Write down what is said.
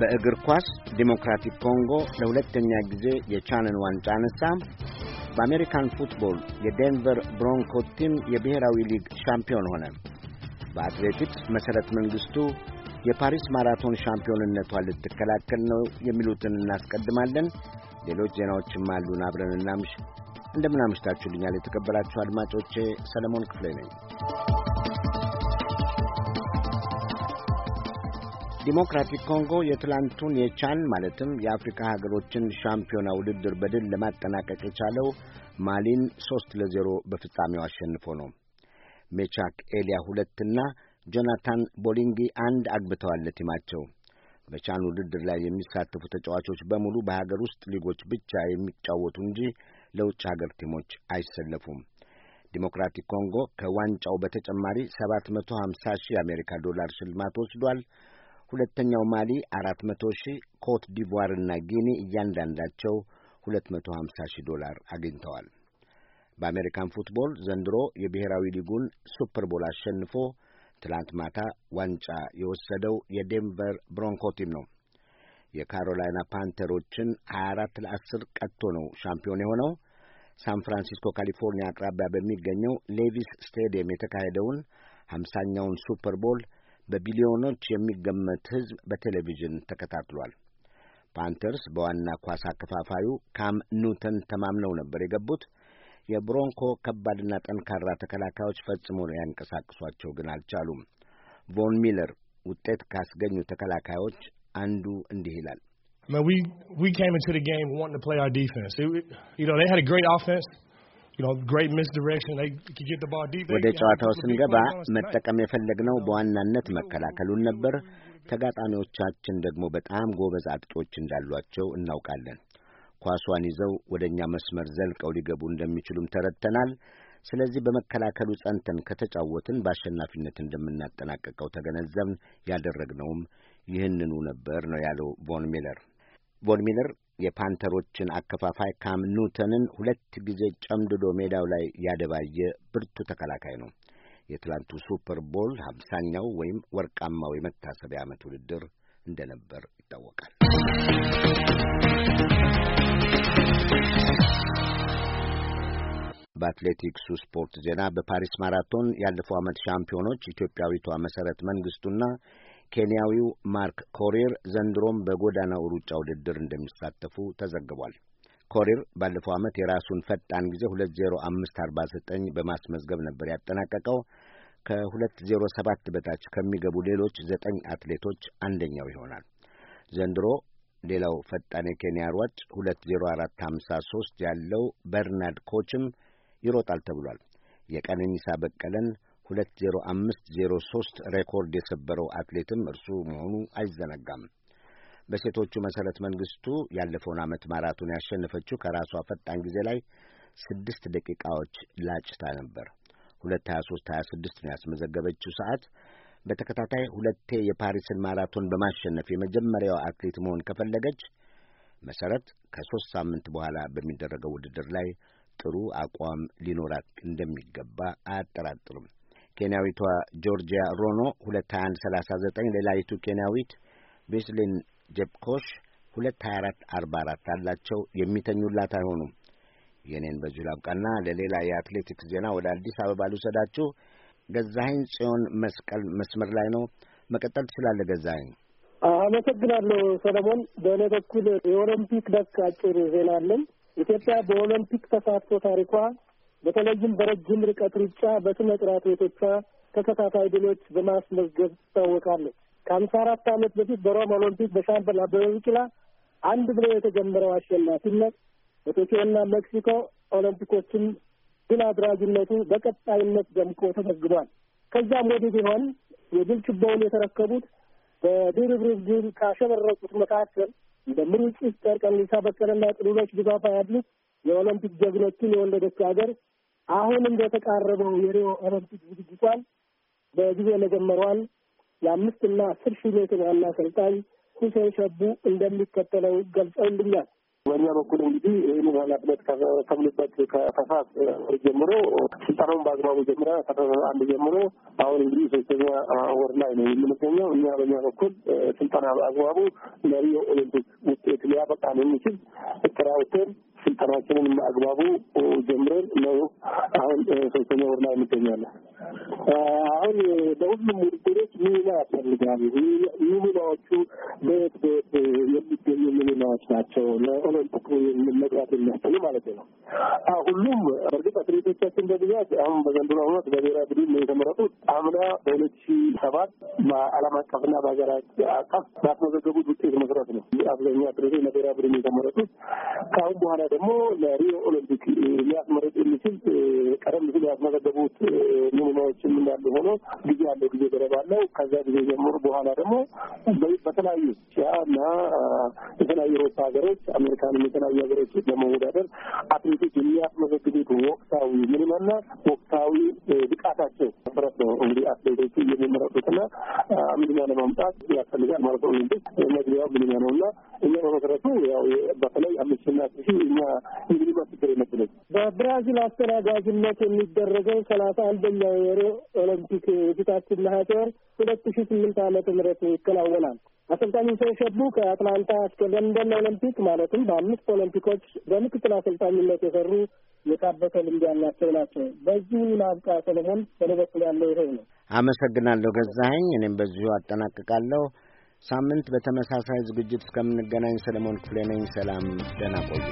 በእግር ኳስ ዲሞክራቲክ ኮንጎ ለሁለተኛ ጊዜ የቻንን ዋንጫ አነሳ። በአሜሪካን ፉትቦል የዴንቨር ብሮንኮ ቲም የብሔራዊ ሊግ ሻምፒዮን ሆነ። በአትሌቲክስ መሠረት መንግሥቱ የፓሪስ ማራቶን ሻምፒዮንነቷን ልትከላከል ነው የሚሉትን እናስቀድማለን። ሌሎች ዜናዎችም አሉን። አብረን እናምሽ። እንደምን አምሽታችሁልኛል የተከበራችሁ አድማጮቼ። ሰለሞን ክፍሌ ነኝ። ዲሞክራቲክ ኮንጎ የትላንቱን የቻን ማለትም የአፍሪካ ሀገሮችን ሻምፒዮና ውድድር በድል ለማጠናቀቅ የቻለው ማሊን ሶስት ለዜሮ በፍጻሜው አሸንፎ ነው። ሜቻክ ኤሊያ ሁለትና ጆናታን ቦሊንጊ አንድ አግብተዋል ለቲማቸው። በቻን ውድድር ላይ የሚሳተፉ ተጫዋቾች በሙሉ በሀገር ውስጥ ሊጎች ብቻ የሚጫወቱ እንጂ ለውጭ ሀገር ቲሞች አይሰለፉም። ዲሞክራቲክ ኮንጎ ከዋንጫው በተጨማሪ ሀምሳ ሺህ የአሜሪካ ዶላር ሽልማት ወስዷል። ሁለተኛው ማሊ አራት መቶ ሺህ ኮት ዲቯር እና ጊኒ እያንዳንዳቸው ሁለት መቶ ሀምሳ ሺህ ዶላር አግኝተዋል። በአሜሪካን ፉትቦል ዘንድሮ የብሔራዊ ሊጉን ሱፐር ቦል አሸንፎ ትላንት ማታ ዋንጫ የወሰደው የዴንቨር ብሮንኮ ቲም ነው። የካሮላይና ፓንተሮችን 24 ለ10 ቀጥቶ ነው ሻምፒዮን የሆነው። ሳን ፍራንሲስኮ ካሊፎርኒያ አቅራቢያ በሚገኘው ሌቪስ ስቴዲየም የተካሄደውን ሀምሳኛውን ሱፐር ቦል በቢሊዮኖች የሚገመት ሕዝብ በቴሌቪዥን ተከታትሏል። ፓንተርስ በዋና ኳስ አከፋፋዩ ካም ኒውተን ተማምነው ነበር የገቡት። የብሮንኮ ከባድና ጠንካራ ተከላካዮች ፈጽሞ ያንቀሳቅሷቸው ግን አልቻሉም። ቮን ሚለር ውጤት ካስገኙ ተከላካዮች አንዱ እንዲህ ይላል። ወደ ጨዋታው ስንገባ መጠቀም የፈለግነው በዋናነት መከላከሉን ነበር። ተጋጣሚዎቻችን ደግሞ በጣም ጎበዝ አጥቂዎች እንዳሏቸው እናውቃለን። ኳሷን ይዘው ወደ እኛ መስመር ዘልቀው ሊገቡ እንደሚችሉም ተረድተናል። ስለዚህ በመከላከሉ ጸንተን ከተጫወትን በአሸናፊነት እንደምናጠናቀቀው ተገነዘብን። ያደረግነውም ይህንኑ ነበር ነው ያለው ቮን ሚለር። ቮን ሚለር የፓንተሮችን አከፋፋይ ካም ኑተንን ሁለት ጊዜ ጨምድዶ ሜዳው ላይ ያደባየ ብርቱ ተከላካይ ነው። የትላንቱ ሱፐር ቦል ሀምሳኛው ወይም ወርቃማው የመታሰቢያ ዓመት ውድድር እንደነበር ይታወቃል። በአትሌቲክሱ ስፖርት ዜና በፓሪስ ማራቶን ያለፈው ዓመት ሻምፒዮኖች ኢትዮጵያዊቷ መሰረት መንግስቱና ኬንያዊው ማርክ ኮሪር ዘንድሮም በጎዳናው ሩጫ ውድድር እንደሚሳተፉ ተዘግቧል። ኮሪር ባለፈው ዓመት የራሱን ፈጣን ጊዜ 20549 በማስመዝገብ ነበር ያጠናቀቀው። ከ207 በታች ከሚገቡ ሌሎች ዘጠኝ አትሌቶች አንደኛው ይሆናል። ዘንድሮ ሌላው ፈጣን የኬንያ ሯጭ 20453 ያለው በርናድ ኮችም ይሮጣል ተብሏል። የቀነኒሳ በቀለን 20503 ሬኮርድ የሰበረው አትሌትም እርሱ መሆኑ አይዘነጋም። በሴቶቹ መሰረት መንግስቱ ያለፈውን ዓመት ማራቶን ያሸነፈችው ከራሷ ፈጣን ጊዜ ላይ ስድስት ደቂቃዎች ላጭታ ነበር። ሁለት ሀያ ሶስት ሀያ ስድስት ነው ያስመዘገበችው ሰዓት። በተከታታይ ሁለቴ የፓሪስን ማራቶን በማሸነፍ የመጀመሪያው አትሌት መሆን ከፈለገች መሰረት ከሶስት ሳምንት በኋላ በሚደረገው ውድድር ላይ ጥሩ አቋም ሊኖራት እንደሚገባ አያጠራጥርም። ኬንያዊቷ ጆርጂያ ሮኖ 22139 ሌላዪቱ ኬንያዊት ቤስሊን ጀፕኮሽ 22444 አላቸው። የሚተኙላት አይሆኑም። የኔን በዚሁ ላብቃና ለሌላ የአትሌቲክስ ዜና ወደ አዲስ አበባ ልውሰዳችሁ። ገዛኸኝ ጽዮን መስቀል መስመር ላይ ነው። መቀጠል ትችላለህ ገዛኸኝ። አመሰግናለሁ ሰለሞን። በእኔ በኩል የኦሎምፒክ ነክ አጭር ዜና አለኝ። ኢትዮጵያ በኦሎምፒክ ተሳትፎ ታሪኳ በተለይም በረጅም ርቀት ሩጫ በስነ ጥራት ቤቶቿ ተከታታይ ድሎች በማስመዝገብ ትታወቃለች። ከአምሳ አራት ዓመት በፊት በሮም ኦሎምፒክ በሻምበል አበበ ቢቂላ አንድ ብሎ የተጀመረው አሸናፊነት በቶኪዮና ሜክሲኮ ኦሎምፒኮችን ድል አድራጊነቱ በቀጣይነት ደምቆ ተዘግቧል። ከዚያም ወዲህ ቢሆን የድል ችቦውን የተረከቡት በድርብርብ ድል ካሸበረቁት መካከል እንደ ምሩጽ ይፍጠር፣ ቀነኒሳ በቀለና ጥሉሎች ዲባባ ያሉት የኦሎምፒክ ጀግኖችን የወለደች ሀገር አሁን እንደተቃረበው የሪዮ ኦሎምፒክ ዝግጅቷን በጊዜ መጀመሯን የአምስትና አስር ሺህ ሜትር ዋና አሰልጣኝ ሁሴን ሸቡ እንደሚከተለው ገልጸውልኛል። በእኛ በኩል እንግዲህ ይህን ኃላፊነት ከተምንበት ከታህሳስ ወር ጀምሮ ስልጠናውን በአግባቡ ጀምረ ከታህሳስ አንድ ጀምሮ አሁን እንግዲህ ሶስተኛ ወር ላይ ነው የምንገኘው። እኛ በእኛ በኩል ስልጠና በአግባቡ ለሪዮ ኦሎምፒክ ውጤት ሊያበቃ ነው የሚችል ስራውትን ስልጠናችንን አግባቡ ጀምረን ነው አሁን ሶስተኛ ወርና ላይ እንገኛለን። አሁን በሁሉም ውድድሮች ሚኒማ ያስፈልጋል። ሚኒማዎቹ በየት በየት የሚገኙ ሚኒማዎች ናቸው? ለኦሎምፒክ መግባት የሚያስችሉ ማለት ነው። ሁሉም እርግጥ አትሌቶቻችን በብዛት አሁን በዘንድሮ ዓመት በብሔራዊ ቡድን የተመረጡት አምና በሁለት ሺ ሰባት በዓለም አቀፍና በሀገር አቀፍ ባስመዘገቡት ውጤት መሰረት ነው አብዛኛ አትሌቶች ነገራ ቡድን የተመረጡት። ከአሁን በኋላ ደግሞ ለሪዮ ኦሎምፒክ ሊያስመረጥ የሚችል ቀደም ሲል ያስመዘገቡት ሚኒማዎችም እንዳሉ ሆኖ ጊዜ ያለው ጊዜ ገደብ አለው። ከዛ ጊዜ ጀምሮ በኋላ ደግሞ በተለያዩ ያ እና የተለያዩ አውሮፓ ሀገሮች አሜሪካንም የተለያዩ ሀገሮች ለመወዳደር አትሌቶች የሚያስመዘግቡት ወቅታዊ ምንመና ወቅታዊ ብቃታቸው መሰረት ነው እንግዲህ አትሌቶቹ የሚመረጡትና ምንኛ ለማምጣት ያስፈልጋል ማለት ነው። እንግዲህ መግቢያው ምንኛ ነው እና እኛ በመሰረቱ ያው በተለይ አምስትና ሺ እኛ እንግዲህ ችግር የለብንም። በብራዚል አስተናጋጅነት የሚደረገው ሰላሳ አንደኛው የሮ ኦሎምፒክ የፊታችን ነሐሴ ወር ሁለት ሺ ስምንት ዓመተ ምህረት ይከናወናል። አሰልጣኝ ሰው ሸቡ ከአትላንታ እስከ ለንደን ኦሎምፒክ ማለትም በአምስት ኦሎምፒኮች በምክትል አሰልጣኝነት የሰሩ የካበተ ልምድ ያላቸው ናቸው። በዚህ ማብቃ ሰለሞን በእኔ በኩል ያለው ይሄው ነው። አመሰግናለሁ ገዛኸኝ። እኔም በዚሁ አጠናቅቃለሁ። ሳምንት በተመሳሳይ ዝግጅት እስከምንገናኝ ሰለሞን ክፍሌ ነኝ። ሰላም፣ ደህና ቆዩ።